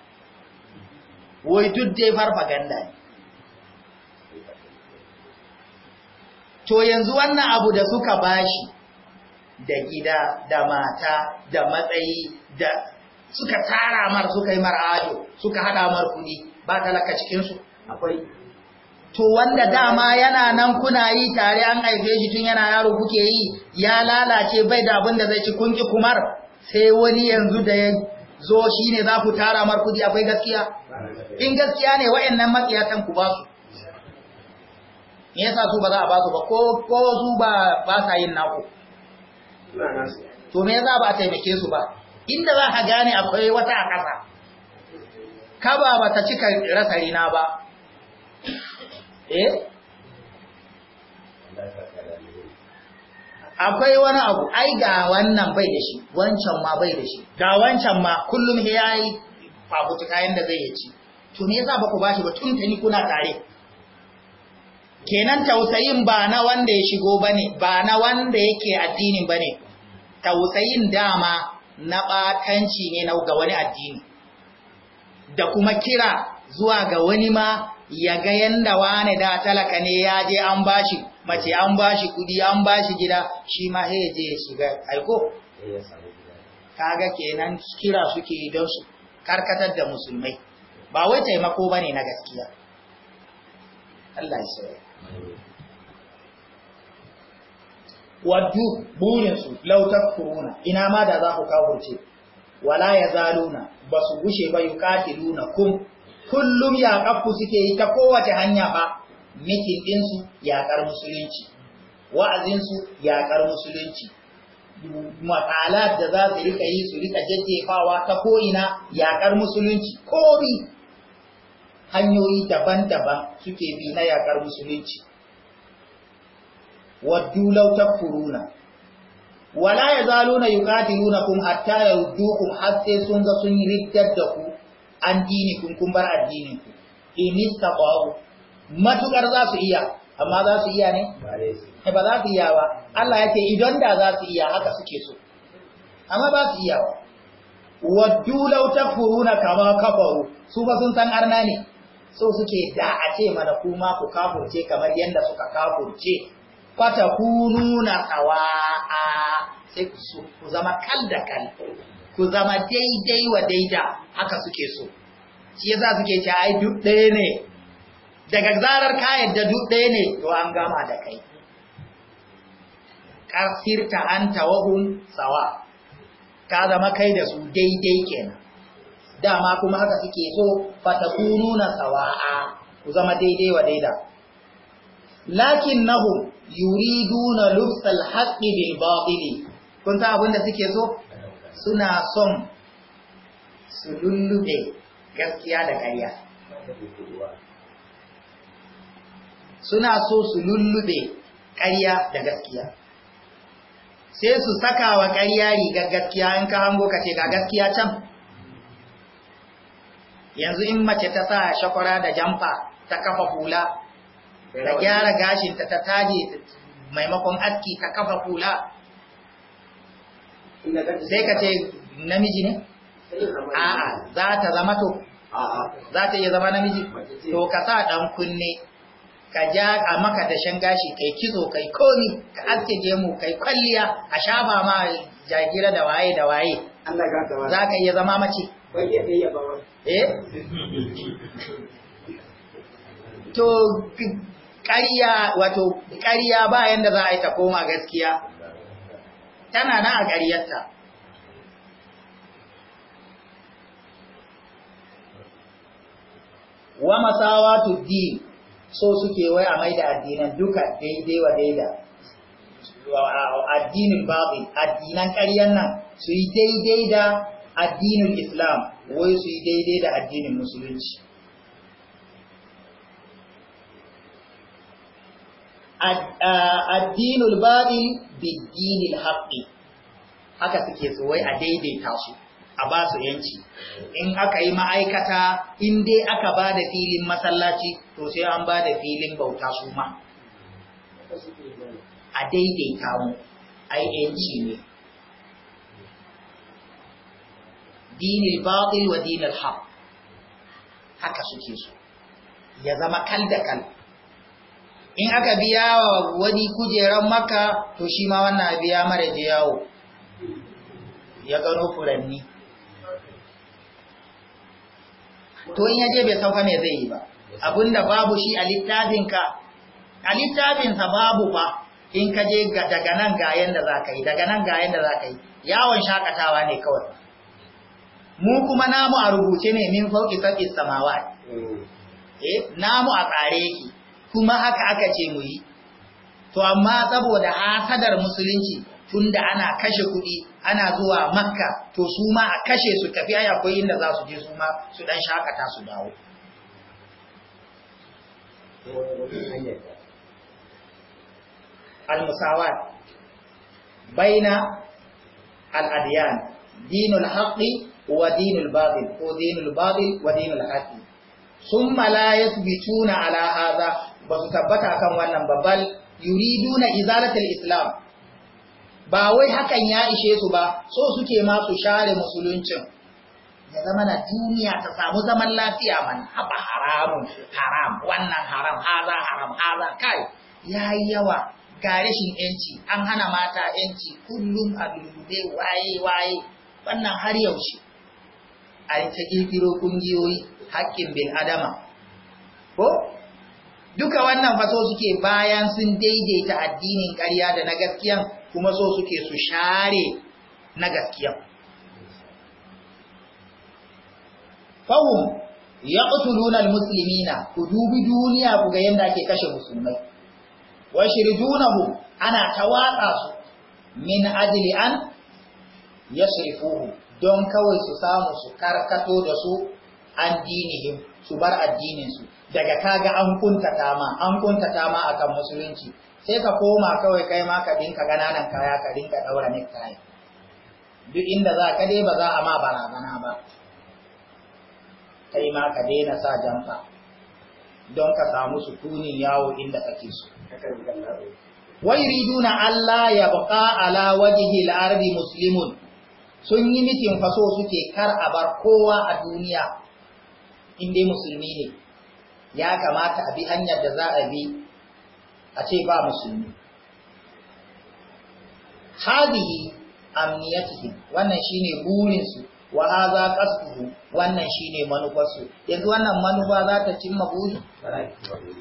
Speaker 1: wai duk dai farfaganda ne to yanzu wannan abu da suka bashi da gida da mata da matsayi da suka tara mar suka yi mar ajo suka hada mar kudi ba talaka cikinsu. Akwai. to wanda dama yana nan kuna yi tare an haife shi tun yana yaro kuke yi ya lalace bai da abin da zai ci kun ki kumar sai wani yanzu da ya zo shine za ku tara mar kudi akwai gaskiya in gaskiya ne wayannan matsiyatan ku ba su me yasa su ba za a ba su ba ko ko su ba ba sa yin naku to me yasa ba taimake su ba inda za ka gane akwai wata a ƙasa kaba ba ta cika rasa rina ba eh akwai wani abu ai ga wannan bai da shi wancan ma bai da shi ga wancan ma kullum he yayi fafutu kayan da zai yi ci to me yasa ba bashi ba tun tani kuna tare kenan tausayin ba na wanda ya shigo bane ba na wanda yake addinin bane tausayin dama na batanci ne na ga wani addini da kuma kira zuwa ga wani ma ya ga yanda wane da talaka ne ya je an bashi mace an bashi kudi an bashi gida shi ma sai ya je ya shiga aiko kaga kenan kira suke don su karkatar da musulmai ba wai taimako bane na gaskiya Allah ya sauya waddu burinsu lautar kuruna ina ma da za ku kawurce wala ya zaluna ba su gushe ba yi katiluna kun kullum yaƙar suke yi ta kowace hanya ba mikin ɗinsu yaƙar musulunci wa'azinsu yaƙar musulunci maƙala da za su rika yi su rika jajjefawa ta ko'ina yaƙar musulunci komi hanyoyi daban-daban suke bi na yaƙar musulunci waddu lautar kuruna wala ya zalo na yuƙatiluna kun hatta ya har sai sun ga sun riddar da ku an dini kun kun bar addinin ku in istaqaw matukar za su iya amma za su iya ne eh, ba za su iya ba Allah yake idan da za su iya haka suke so amma ba su iya ba waddu law takfuruna kama kafaru su ba sun san arna ne so suke da a ce mana kuma ku kafurce kamar yadda suka kafurce fatakununa sawa'a sai ku zama kal da kal ku zama daidai wa daida haka suke so shi yasa suke ce ai duk ɗaya ne daga zarar ka yadda duk ɗaya ne to an gama da kai anta an hun sawa ka zama kai da su daidai kenan dama kuma haka suke so fatakununa Sawa, ku zama daidai wa daida nahu yuriduna lufsal haqqi bil batili kun san abin da suke so suna son su lullube gaskiya da ƙarya suna so su lullube ƙarya da gaskiya sai su saka wa ƙarya rigar gaskiya in ka hango ka ce ga gaskiya can yanzu in mace ta sa shakwara da jamfa ta kafa hula ta gyara gashinta ta taje maimakon aski ta kafa hula
Speaker 2: sai ka ce
Speaker 1: namiji ne a'a za ta zama to za ta iya zama namiji to ka sa ɗan kunne ka ja a maka dashen gashi kai kizo kai komi ka aske gemu kai kwalliya a shafa ma jagira da waye da waye za ka iya zama mace eh to ƙarya wato ƙarya ba yanda za a yi ta koma gaskiya tana na a ƙaryarta wa masawa din so suke wai a maida addinan duka daidai wa daida addinin babu addinan ƙaryar nan su yi daidai da addinin islam wai su yi daidai da addinin musulunci Uh, addinul baɗi da bidinil haƙi haka suke tsowai a daidaita su a ba su yanci in aka yi ma'aikata in dai aka ba da filin masallaci to sai an ba da filin bauta su ma a daidaita mu ai yanci ne dinil baɗi wa dinil haƙ haka suke so ya zama kal da kal in aka biya wa wani kujeran maka to shi ma wannan biya mara jiyawo. yawo ya gano furanni to in yaje bai sauka me zai yi ba abinda babu shi a littafinka a littafinsa babu ba in ka je daga nan ga yadda za ka yi daga nan ga yadda za ka yi yawon shakatawa ne kawai mu kuma namu a rubuce ne min fauki sabi samawa mm. eh namu a tsare yake kuma haka aka ce mu yi to amma saboda hasadar musulunci tunda ana kashe kuɗi ana zuwa makka to su ma a kashe su tafi ai akwai inda za su je su ma su ɗan shakata su dawo al-musawat baina al-adyan dinul haqqi wa dinul batil ko dinul batil wa dinul haqqi thumma la yathbituna ala hadha ba su tabbata kan wannan babbal yuriduna izalatul islam ba wai hakan ya ishe su ba so suke ma su share musuluncin ya zama na duniya ta samu zaman lafiya man haba haramun haram wannan haram haza haram haza kai yi yawa ga rashin yanci an hana mata yanci kullum a lulluɓe waye waye wannan har yaushe a ta kirkiro kungiyoyi haƙƙin bil adama ko duka wannan faso suke bayan sun daidaita addinin ƙarya da na gaskiya kuma so suke su share na gaskiya fahum musulmi na ku dubi duniya ku ga yanda ake kashe musulmai wa shirjunahu ana watsa su min ajli an yasrifuhu don kawai su samu su karkato da su an su bar addininsu daga kaga an kuntata ma an kuntata ma akan musulunci sai ka koma kawai kai ma ka dinka gananan kaya ka dinka daura ne kai duk inda za ka dai ba za a ma barazana ba kai ma ka daina sa jamfa don ka samu sukunin yawo
Speaker 2: inda kake so wai
Speaker 1: yuriduna Allah ya baqa ala wajhi al-ardi muslimun sun yi mitin faso suke kar a bar kowa a duniya in dai musulmi ne ya kamata a bi hanyar da za a bi a ce ba musulmi hadihi amniyatihi wannan shine burin su wa hadha qasduhu wannan shine manufar su yanzu wannan manufa za ta cimma buri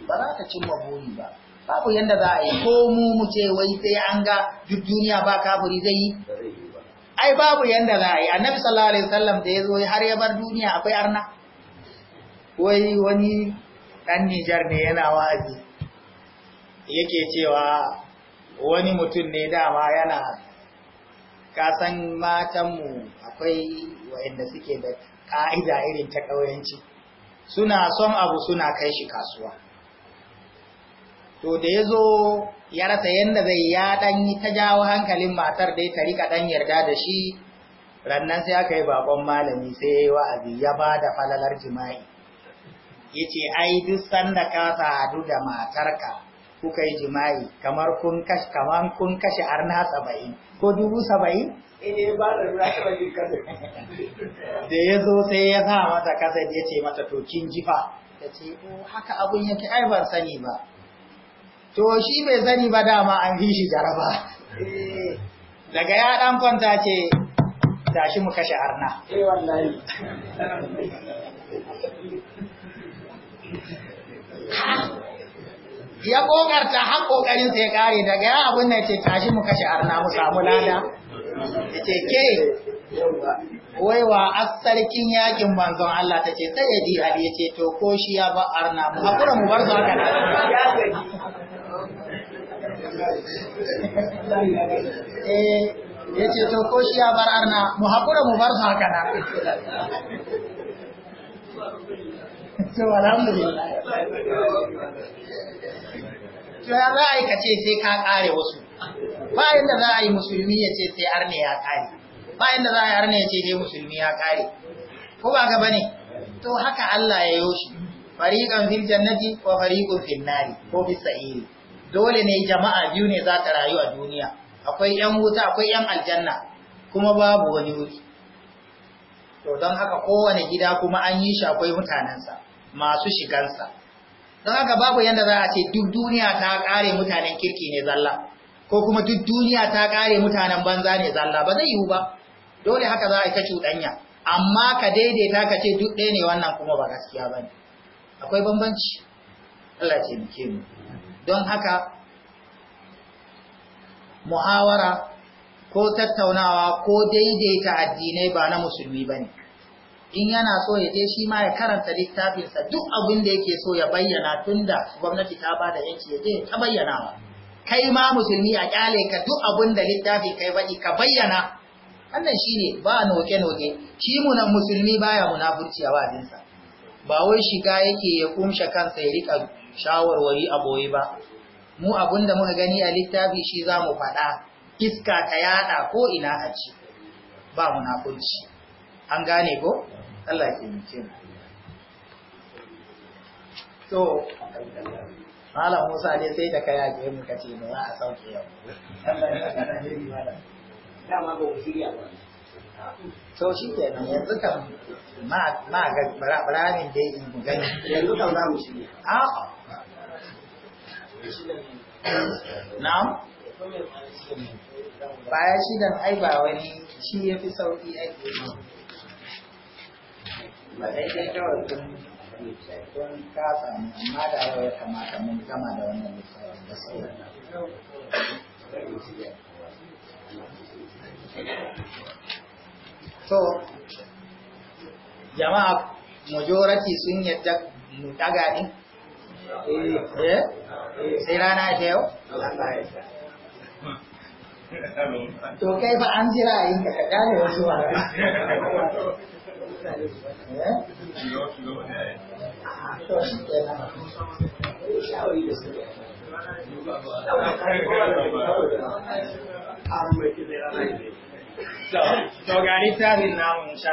Speaker 1: ba za ta cimma buri ba babu yanda za a yi ko mu mu ce wai sai an ga duk duniya ba kafiri zai yi ai babu yanda za a yi annabi sallallahu alaihi wasallam da ya zo har ya bar duniya akwai arna wai wani ɗan Nijar ne yana wazi yake cewa wani mutum ne dama yana kasan matanmu akwai waɗanda suke da ƙa'ida irin ta ƙauyanci suna son abu suna kai shi kasuwa to da ya zo ya rasa yadda zai ya ɗanyi ta jawo hankalin matar dai ta riƙa ɗan yarda da shi rannan sai aka yi baƙon malami sai ya yi wa'azi ya ba da falalar jima'i yace ai duk sanda ka sadu da matarka kuka yi jima'i kamar kun kashe kamar kun kashe arna saba'in ko dubu saba'in
Speaker 2: eh, eh, da ya zo sai ya sa
Speaker 1: mata kasar ya ce mata to kin jifa ta ce oh, haka abun yake ai ban sani ba to shi bai sani ba dama an fi shi jaraba eh. daga ya dan kwanta ce tashi mu kashe arna ya ta har kokarin sai kare daga ya abin nan ce tashi mu kashe arna mu samu lada yace ke wai wa asarkin yakin manzon Allah ce sai ya ji Ya yace to ko shi ya ba arna mu hakura mu bar su haka eh yace to ko shi ya bar arna mu hakura mu bar su haka to alhamdulillah to ya za a yi kace sai ka kare wasu ba yanda za a yi musulmi ya ce sai arne ya kare ba yanda za a yi arne ya ce sai musulmi ya kare ko ba ga bane to haka Allah ya yoshi fariqan fil jannati wa fariqun fil nari ko fi sa'iri dole ne jama'a biyu ne za ta rayu a duniya akwai yan wuta akwai yan aljanna kuma babu wani wuri to don haka kowane gida kuma an yi shi akwai mutanensa masu shigansa don haka babu yadda za a ce duk duniya ta ƙare mutanen kirki ne zalla ko kuma duk duniya ta ƙare mutanen banza ne zalla ba zai yiwu ba dole haka za a yi ta cuɗanya amma ka daidaita ka ce duk ɗaya ne wannan kuma ba gaskiya ba ne akwai bambanci Allah ce muke mu don haka muhawara ko tattaunawa ko daidaita addinai ba na musulmi ba ne in yana so ya je shi ma ya karanta littafinsa duk abin da yake so ya bayyana tunda gwamnati ta ba da yanci ya je ta bayyana wa kai ma musulmi a kyale ka duk abin da littafi kai baɗi ka bayyana wannan shine ba noke noke shi munan musulmi baya munafurci a wazinsa ba wai shiga yake ya kumsha kansa ya rika shawarwari a boye ba mu abin da muka gani a littafi shi za mu faɗa iska ta yada ko ina a ci ba munafurci an gane ko Allah ke mace mu to Malam Musa ne sai da ka yage mu kace mu za a sauke yau
Speaker 2: Allah ya saka ne malam dama ba ku shirya ba
Speaker 1: to shi ke nan yanzu kan ma ma ga baranin dai in gani yanzu kan za mu
Speaker 2: shirya a'a
Speaker 1: na'am baya shidan dan ai ba wani shi yafi sauki ake yi ba sai dai kawai kun kun kasa amma da yau ya kamata mun gama da
Speaker 2: wannan lissafin da sauran so jama'a
Speaker 1: majority sun yadda mu daga din
Speaker 2: eh, eh sai rana ta yau to kai fa an
Speaker 1: jira yin ka gane wasu ba
Speaker 2: to ga littafin namu insha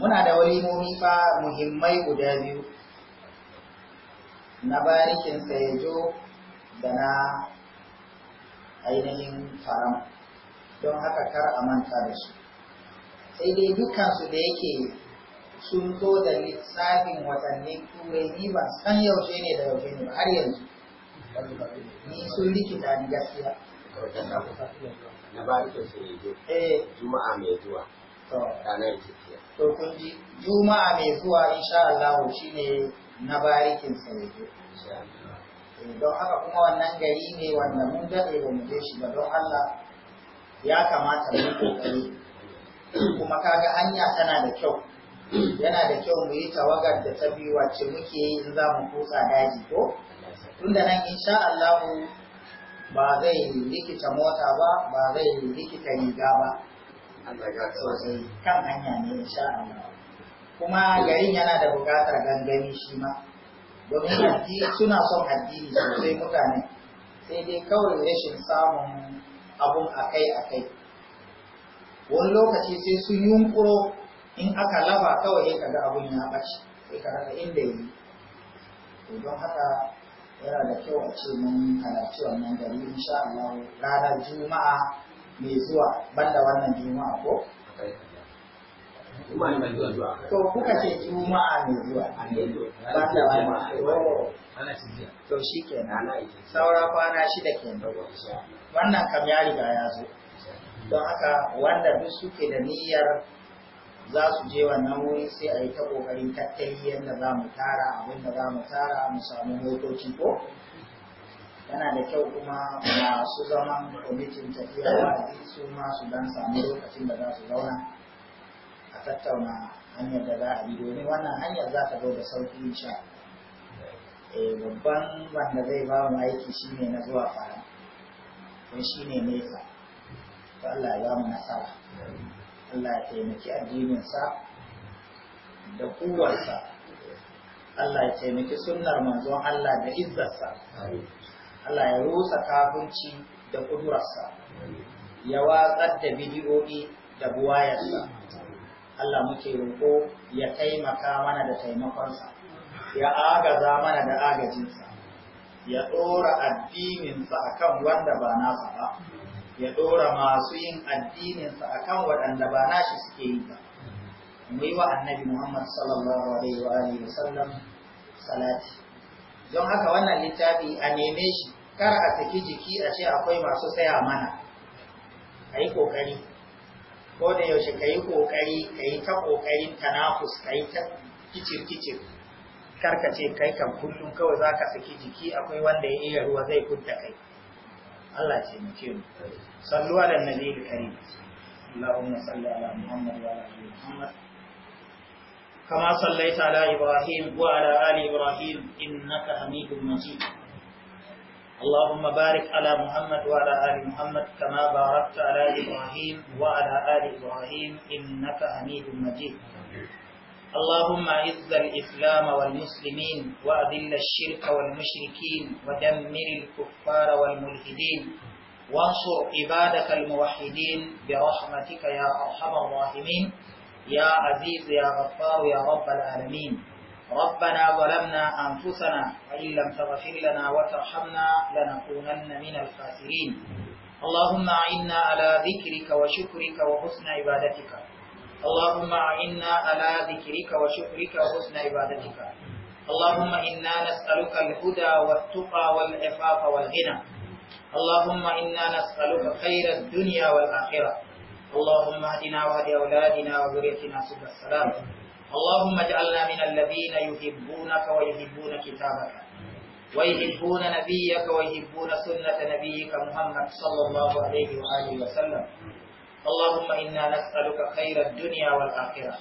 Speaker 1: muna da walimomi fa muhimmai guda biyu na barikin sayajo da na ainihin faram don haka kar a manta da su sai dai dukansu da yake sun zo da lissafin watanni turai ni ba san yaushe ne da yaushe ne ba har
Speaker 2: yanzu ni sun riki ni gaskiya na barikin sayajo eh. juma'a mai zuwa ranar tafiya to kun
Speaker 1: ji juma'a mai zuwa insha Allah shine na barikin sarki eh, don haka kuma wannan gari ne wanda mun daɗe ba mu je shi ba don Allah ya kamata mu kokari kuma kaga hanya tana da kyau yana da kyau mu yi tawagar da ta biyu wacce muke yi in za mu kusa daji ko tunda nan insha Allah ba zai likita mota ba ba zai likita riga ba sosai kan hanya
Speaker 2: ne insha Allah
Speaker 1: kuma garin yana da bukatar gangami shi ma domin suna son addini sosai mutane sai dai kawai rashin samun abun akai-akai wani lokaci sai sun yunkuro in aka laba kawai ya kaga abun ya bace sai ka rasa inda yi don haka yana da kyau a ce mun halarci wannan gari insha Allah ranar juma'a mai zuwa banda wannan juma'a ko
Speaker 2: to kuka ce juma'a mai zuwa banda zuwa.
Speaker 1: Oh. to shi kenan saura kwana shida kenan wannan kam ya riga ya zo don haka wanda duk suke da niyyar za su je wannan wuri sai a yi ta ƙoƙarin tattali yadda za mu tara abinda za mu tara mu samu motoci ko yana da kyau kuma masu zaman kwamitin tafiya
Speaker 2: wa'azi su ma su dan samu lokacin da za su zauna a tattauna hanyar da za a bi domin wannan hanyar za ta zo da sauki Eh babban
Speaker 1: wanda zai ba mu aiki shine na zuwa fara don shine nesa to Allah ya ba mu nasara Allah ya taimaki addininsa da kuwarsa Allah ya taimaki sunnar manzon Allah da izzarsa. Allah ya rusa kafinci da kudurarsa ya watsar da bidiyoyi da buwayarsa Allah muke roƙo ya taimaka mana da taimakonsa ya agaza mana da agajinsa ya ɗora addininsa akan wanda ba nasa ba ya ɗora masu yin addininsa akan waɗanda ba nashi suke yi ba mu yi wa annabi Muhammad sallallahu alaihi wa sallam salati don haka wannan littafi a neme shi kar a saki jiki a ce akwai masu saya mana a yi ƙoƙari ko da yaushe ka yi ƙoƙari ka yi ta ƙoƙarin tanafus ka yi ta kicir-kicir karkace kai kan kullum kawai za ka saki jiki akwai wanda ya iya ruwa zai kunta kai
Speaker 2: Allah ce mu ce mu sallu ala nabiyil karim اللهم صل على محمد وعلى ال Muhammad
Speaker 1: كما صليت على إبراهيم وعلى آل إبراهيم إنك حميد مجيد اللهم بارك على محمد وعلى آل محمد كما باركت على إبراهيم وعلى آل إبراهيم إنك حميد مجيد اللهم اعز الإسلام والمسلمين وأذل الشرك والمشركين ودمر الكفار والملحدين وانصر عبادك الموحدين برحمتك يا أرحم الراحمين يا عزيز يا غفار يا رب العالمين ربنا ظلمنا أنفسنا وإن لم تغفر لنا وترحمنا لنكونن من الخاسرين اللهم أعنا على ذكرك وشكرك وحسن عبادتك اللهم أعنا على ذكرك وشكرك وحسن عبادتك اللهم إنا نسألك الهدى والتقى والعفاف والغنى اللهم إنا نسألك خير الدنيا والآخرة اللهم اهدنا واهد اولادنا وذريتنا سبل السلام اللهم اجعلنا من الذين يحبونك ويحبون كتابك ويحبون نبيك ويحبون سنة نبيك محمد صلى الله عليه وآله وسلم اللهم إنا نسألك خير الدنيا والآخرة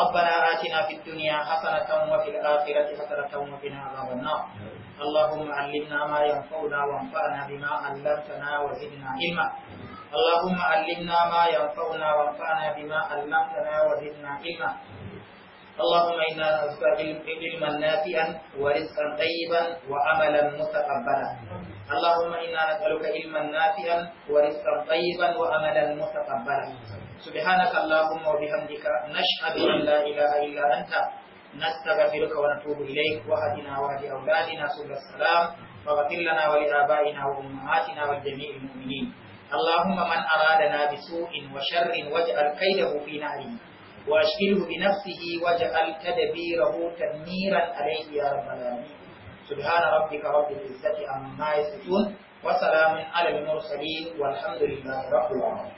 Speaker 1: ربنا آتنا في الدنيا حسنة وفي الآخرة حسنة وقنا عذاب النار اللهم علمنا ما ينفعنا وانفعنا بما علمتنا وزدنا علما اللهم علمنا ما ينفعنا وانفعنا بما علمتنا وزدنا علما اللهم انا نسالك علما نافعا ورزقا طيبا وعملا متقبلا اللهم انا نسالك علما نافعا ورزقا طيبا وعملا متقبلا سبحانك اللهم وبحمدك نشهد ان لا اله الا انت نستغفرك ونتوب إليك وهدنا وهدي أولادنا سبل السلام واغفر لنا ولآبائنا وأمهاتنا والجميع المؤمنين Allahumma man na bi su'in wa sharrin waj'al kaydahu fi nahri wa ashghilhu bi nafsihi waj'al tadbirahu tadmiran alayhi ya rabbal alamin subhana rabbika rabbil izzati amma yasifun wa salamun alal mursalin walhamdulillahi rabbil alamin